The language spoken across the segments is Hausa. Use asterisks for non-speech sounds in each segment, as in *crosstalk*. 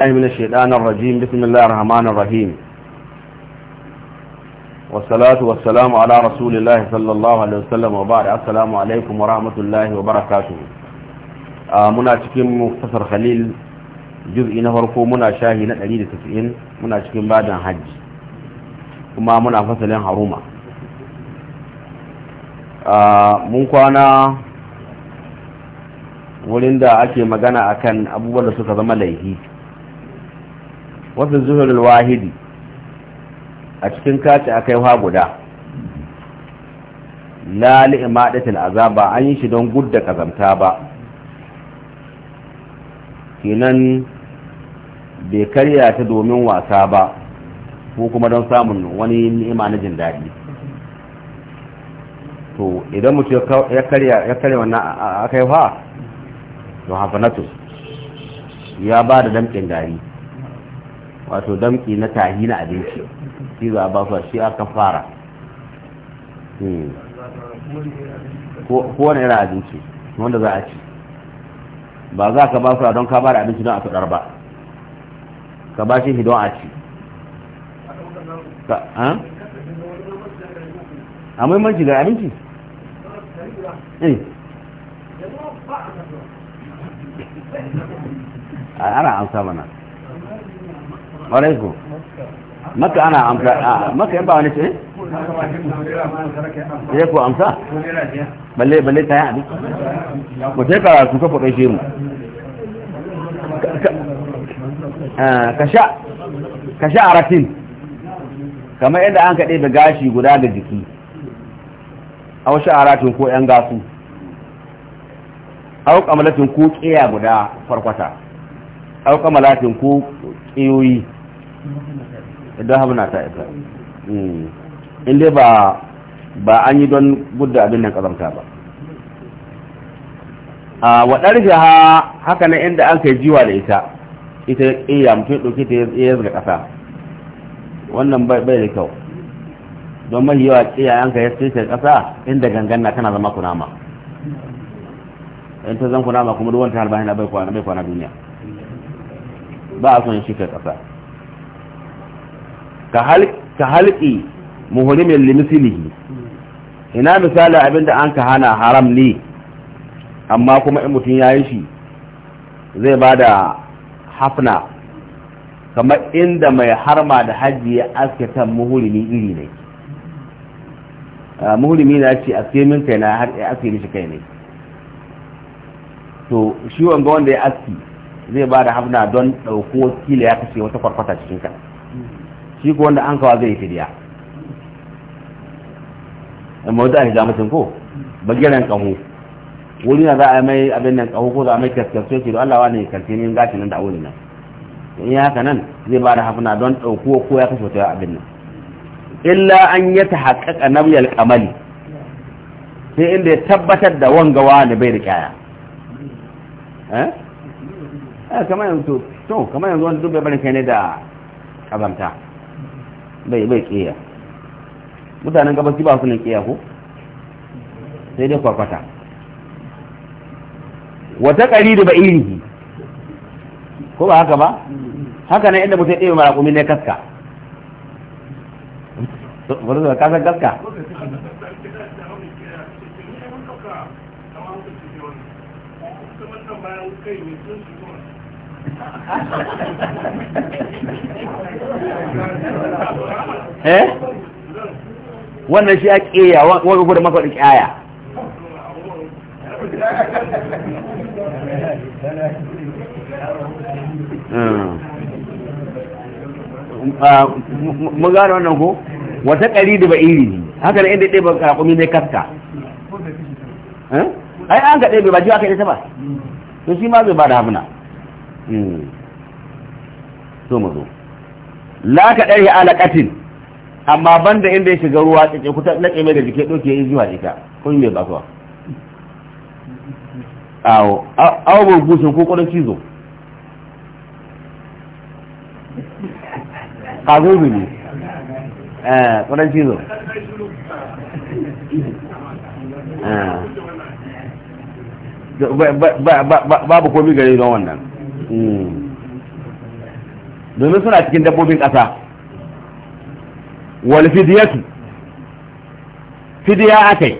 الله من الشيطان الرجيم بسم الله الرحمن الرحيم والصلاة والسلام على رسول الله صلى الله عليه وسلم وبعد السلام عليكم ورحمة الله وبركاته منا تكين مختصر خليل جزء نفرقو منا شاهنا قليل تسئين منا تكين بعد حج وما منا فصلين حرومة منكوانا wurin da ake magana akan abubuwan da suka zama laifi wasu zuhurul wahidi a cikin kaci a wa guda la aza azaba an yi shi don gudda kazamta ba kenan bai karya ta domin wasa ba ko kuma don samun wani ni'ima na jin daɗi to idan mutum ya karya ya a wannan to ya ba da damkin dari wato damki na tahi na abinci shi za a ba su shi aka fara hmm. ko wani irin abinci wanda za a ci ba za ka ba su don ka bari abinci don a tudar ba ka ba shi don a ci a muhimmanci ga abinci eh. ana an sa ƙwarai maka ana amsa a maka yan ba wani ce ne ku amsa balle balle ta yi abin ku sai karatu ka faɗa shi mu ka eh, sha a ratin kamar yadda an kaɗe da gashi guda da jiki a wasu aratin ko 'yan gasu au kamalatin ko ƙiya guda farkwata au kamalatin ko ƙiyoyi idan haɓu na ta inda ba ba an yi don gudda abin nan ƙazamta ba a waɗar ha haka na inda an kai jiwa da ita ita iya mutum ya ɗauke ta ya zaga ƙasa wannan bai da kyau don mai yawa ƙiya an kai ya sai ƙasa inda gangan na tana zama kunama in ta zan kunama kuma duwanta halbahina ta harba bai kwana duniya ba a son shi kai ƙasa ka halki muhurimin limisili ina misali abinda an ka hana haram ne amma kuma in mutum ya yi shi zai ba da hafna kamar inda mai harma da hajji ya aske kan muhurimi iri ne muhulimi na ce a min kai na har ya aske mishi kai ne to shi wanga wanda ya aski zai ba da hafna don ɗauko kila ya kashe wata kwarkwata cikin kai shi ko wanda an kawa zai fidiya amma a hijama sun ko bagiran kahu wuri na za a mai abin nan kahu ko za a mai kaskasce ce don Allah wani ne gashi nan da wuri nan in yi haka nan zai ba da hafna don ɗauko ko ya kashe wata abin nan illa an yi ta haƙaƙa nabiyar kamali sai inda ya tabbatar da wangawa da bai da kyaya eh? eh kamar yanzu to kamar yanzu wanda duk bai bari kai ne da kazanta bai bai kiyaya mutanen gabas ba su ne kiyaya ko sai dai kwakwata wata ƙari da ba'irihi ko ba haka ba haka nan inda mutum ɗaya maraƙumi ne kaska wani da kasan kaska bayan ne mai *laughs* eh wannan shi a ƙeya wani gudun makon ƙaya hmm. ah, mun gane wannan ko wata ƙari da ba iri ne haka na inda ɗai ba ƙaƙumi mai kaska eh? ai an ka ɗaya ba ji aka yi ta ba to shi ma zai ba da hamuna Hmm. so mu zo la ka dare alaqatin amma banda inda ya shiga ruwa tsike ku ta nake mai da jike doke yi zuwa ita kun me ba kuwa awo awo kodan cizo bi ne eh kodan cizo eh. babu komi gare don wannan Hmm. domin suna cikin dabbobin ƙasa wal fidiyatu fidiya akai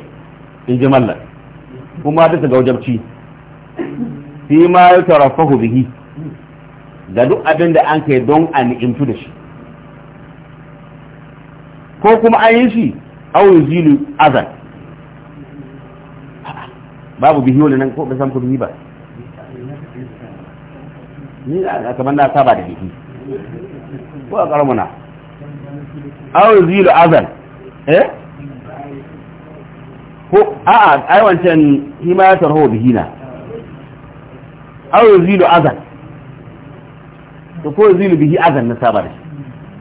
in ji mallar kuma duk ga wajabci fi ma ya tarafahu bihi da duk abin da an kai don a ni'imtu da shi ko kuma an yi shi au zilu azan babu bihi wani nan ko bai san ku bihi ba ni a kamar na saba da jiki ko a karamuna awon zilu azal eh ko a'a ai himayatar ho bihina awon zilu azal to ko zilu bihi azal na saba da shi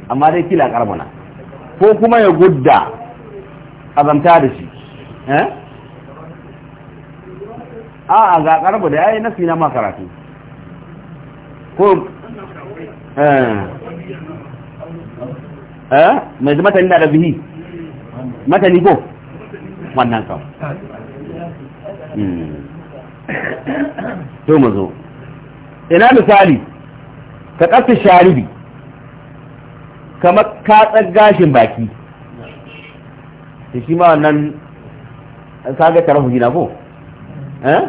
amma dai kila karamuna ko kuma ya gudda azamta da shi eh a'a ga karbu da yayi nasi na ma karatu ko eh mai zama tani da bihi matani ko wannan kan hmm. to mu ina misali ka kasu sharibi kama katsar gashin baki da shi ma wannan kaga tarahu na ko eh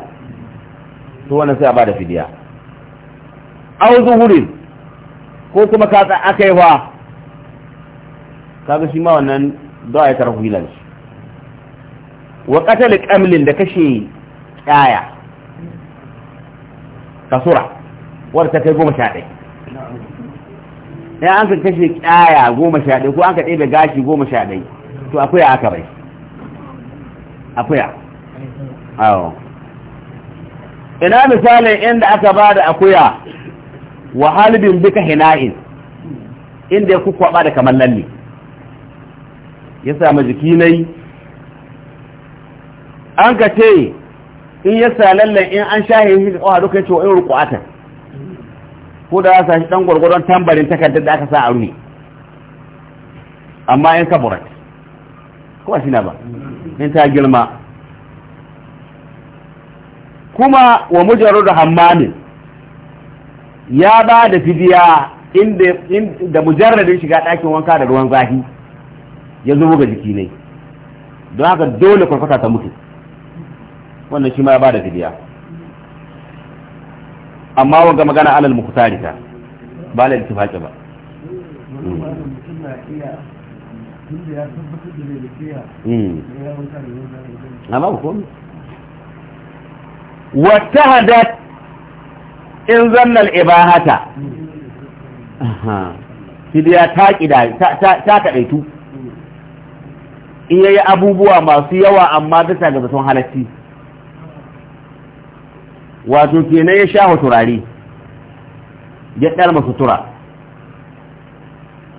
to wannan sai a da fidiya aw zuhurin ko kuma ka tsa aka yi wa kaga shi ma wannan da ya tarhu hilan shi wa qatal qamlin da kashe kaya kasura war ta kai goma sha ɗaya ya an ka kashe kaya goma sha ɗaya ko an ka ɗaya gashi goma sha ɗaya to akwai aka bai akuya awo ina misalin inda aka ba da akuya wa halibin bika hina'in inda ya kukwaba da kamar lalle ya samu jiki nai an ka ce in ya sa lallan in an sha shi ko haɗu duka ce wa in rukuata ko da ya sashi ɗan gwargwaron tambarin takardar da aka sa a rune amma in kaburat kuma shi na ba in ta girma kuma wa mujarar da hammamin ya ba da fidiya inda mujarradin shiga ɗakin wanka da ruwan zafi ya zubo ga jiki ne don haka dole kwarfata ta mutu wannan shi ma ya ba da fidiya amma wanga magana alal mukutarika ba la iltifaqi ba hmm. Hmm. amma ko wa tahadat in zannan ibahata fidiya ta kida ta kaɗaitu. iya yi abubuwa masu yawa amma duka ga zaton halatti wato kenan ya sha turare ya masu sutura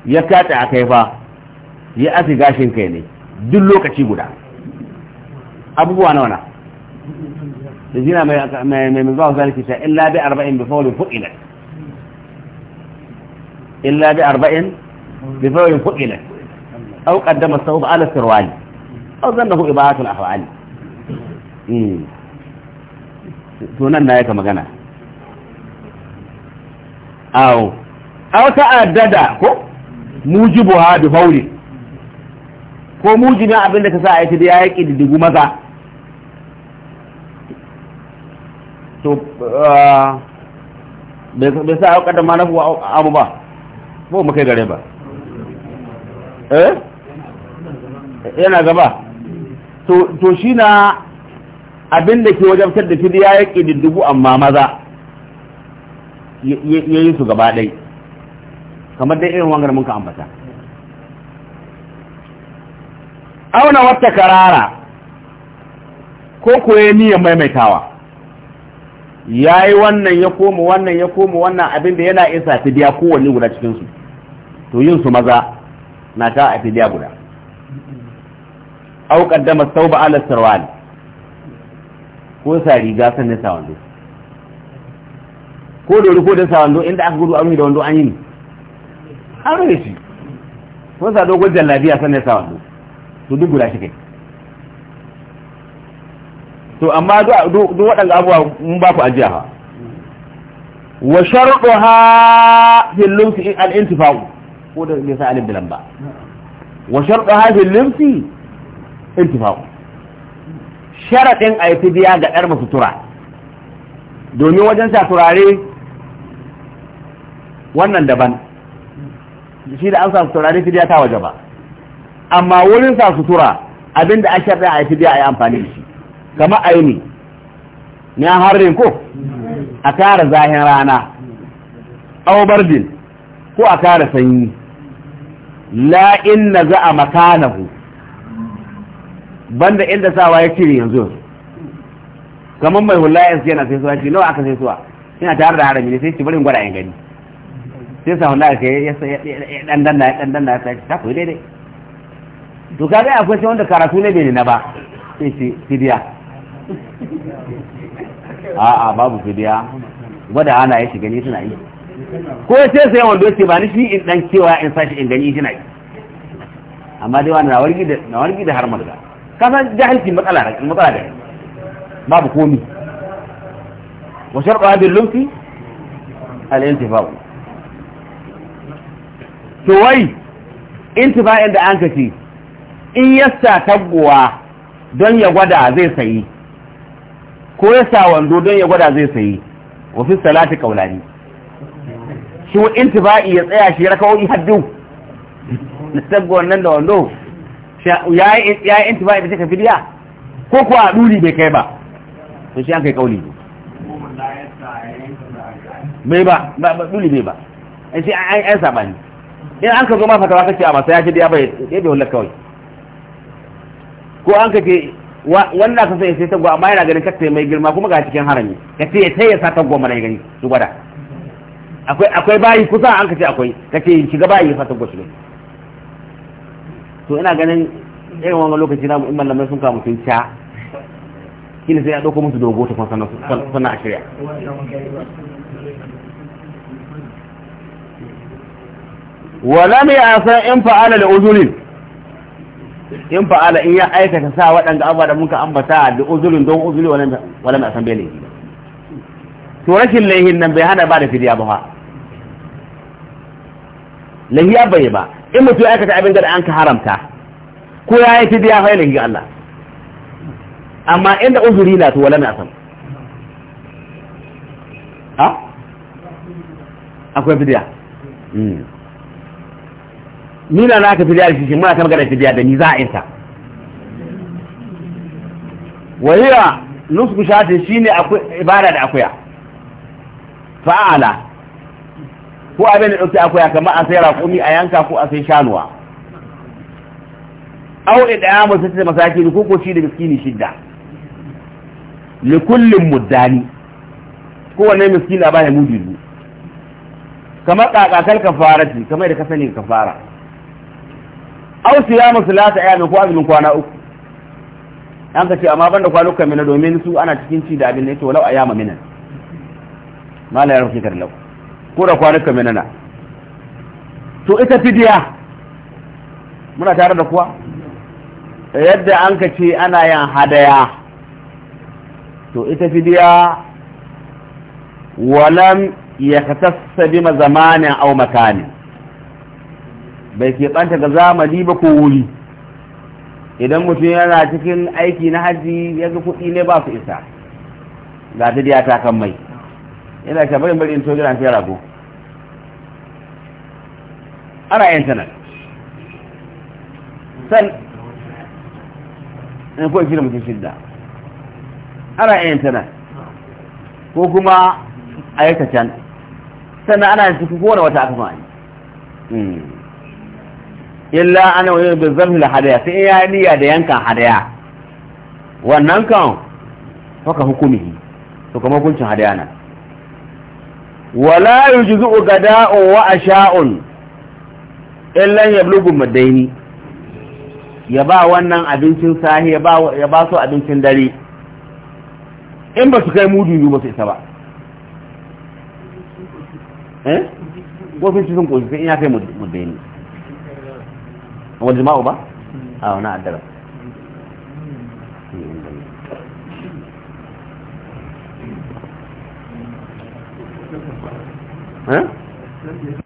ya kata a kaifa ya asi gashin kai ne duk lokaci guda abubuwa na wana تجينا ما مزاح ذلك شيء إلا بأربع بفول فئلت إلا بأربع بفول فئلت أو قدم الثوب على السروال أو ظنه إباعة الأحوال توننا يا كما كان أو أو تعدد موجبها بفول ko mujina abinda ka sa a yi ta da ya yi ƙididdigu maza to ah, bai sa auka da manafu amu ba ko mu kai gare ba eh yana gaba to shi na abin da ke wajabtar da fidiya ya ƙididdigu amma maza ya yi su gaba ɗai kamar dai irin wangar mun ka ambata auna wata karara ko ya niyan maimaitawa ya yi wannan ya koma wannan ya koma wannan abin da yana isa fidiya kowanne guda cikinsu to yin su maza na ta a fidiya guda au kaddama sauba ala sarwal ko sa riga sanin sa wando ko da ko da sa wando inda aka gudu aruhi da wando an yi ne an rufe shi ko sa dogon jallabiya sannan sa wando to duk guda shi kai to amma duk waɗanda abuwa mun ba ku ajiya ha wa sharɗuha fil lumsi al intifa'u ko da nisa alif da lamba wa sharɗuha fil lumsi intifa'u sharaɗin a yi biya ga ɗar masu tura domin wajen sa turare wannan daban shi da an sa turare fidiya ta waje ba amma wurin sa sutura abinda a sharɗin a yi biya a yi amfani da shi kama aini ne an harin ko a kara zahin rana aubardin ko a kara sanyi la'in na za a makanahu banda inda sawa ya cire yanzu kamar mai hula yanzu yana sai suwa ce nawa aka sai suwa yana tare da harami ne sai ci barin gwada yin gani sai sa hula ka ya dan ya dan ya sai ta koyi daidai to kaga akwai sai wanda karatu ne bai ne na ba sai fidiya a'a babu fidiya gwada ana ya shiga ni suna yi ko sai sai wanda ce ba ni shi in dan cewa in sashi in gani shi na yi amma dai wani nawargi da nawargi da har marga kasa jahilci matsala da matsala da babu komi wa shartu bin lumfi al to wai intifa inda an kace in yasta taguwa don ya gwada zai sayi ko ya sa wando don ya gwada zai sayi wa fi salati kaulani shi wa intiba'i ya tsaya shi raka wani haddu na sabgo wannan da wando ya yi intiba'i da take fidiya ko kuwa a duri bai kai ba to shi an kai kauli bai ba ba bai ba ai sai an ai sabani in an ka zo ma fatawa kake a masa ya ce da ya bai ya bai wallahi kawai ko an ka ke wanda ka sai sai gwa amma yana ganin kace mai girma kuma ga cikin harami ka ce ya ya sa gwa mana gani su gwada akwai akwai bayi kusa an ka ce akwai ka ce shiga bayi ya sa tagwa shi to ina ganin irin wannan lokaci na in mallamai sun kawo sun ta. shi sai ya ɗauko musu dogo ta sannan sannan a shirya wala mai sa in fa'ala da uzurin in fa'ala in ya aikata sa waɗanda abuwa da muka ambata da uzurin don uzuri wala mai asan bele to rashin laihin nan bai hana ba da fidiya ba ya bai ba in mutum ya aikata abin da an ka haramta ko ya yi fidiya fa lahi Allah amma inda uzuri na to wala mai asan ah? akwai fidiya hmm. ni na naka fidiya da shi muna ta magana tafiya da ni za a isa wahiya nusku shatin shine ibada da akuya fa'ala ko abin da ɗauki akuya kamar a sai raƙumi a yanka ko a sai shanuwa au ɗaya masu ta masakin ko ko shi da miskini shidda li kullum muddani kowane miskini a baya mudu kamar kakakal kafarati kamar da ka sani kafara aw siyamu salata ayyamin ko azumin kwana uku an ka ce amma banda kwanukan mina domin su ana cikin ci da abin ne to walau ayyama mina mala ya rufe lau ko da kwanukan mina na to ita fidiya muna tare da kuwa yadda an ka ce ana yin hadaya to ita fidiya walam ya katassa bima zamanin au makanin bai ke tsanta ga zamani ba ko wuri idan mutum yana cikin aiki na hajji ya ga kuɗi ne ba su isa ga ta diya ta kan mai yana ta bari bari in to jiran sai rago ana yin ta nan san in ko kira mutum shidda ana yin ko kuma a yi ta can sannan ana cikin kowane wata aka ma'ani illa ana wani da zafi da hadaya sai ya yi niyya da yankan hadaya wannan kan faka hukumi to kuma hukuncin hadaya na wala yujzu gada'u wa asha'un illa yablugu madaini ya ba wannan abincin sahi ya ba ya ba su abincin dare in ba su kai mudu ba su isa ba eh ko sun ci sun koshi sai in ya kai mudaini wal jima'u ba hmm. a wani addara hmm. Hmm.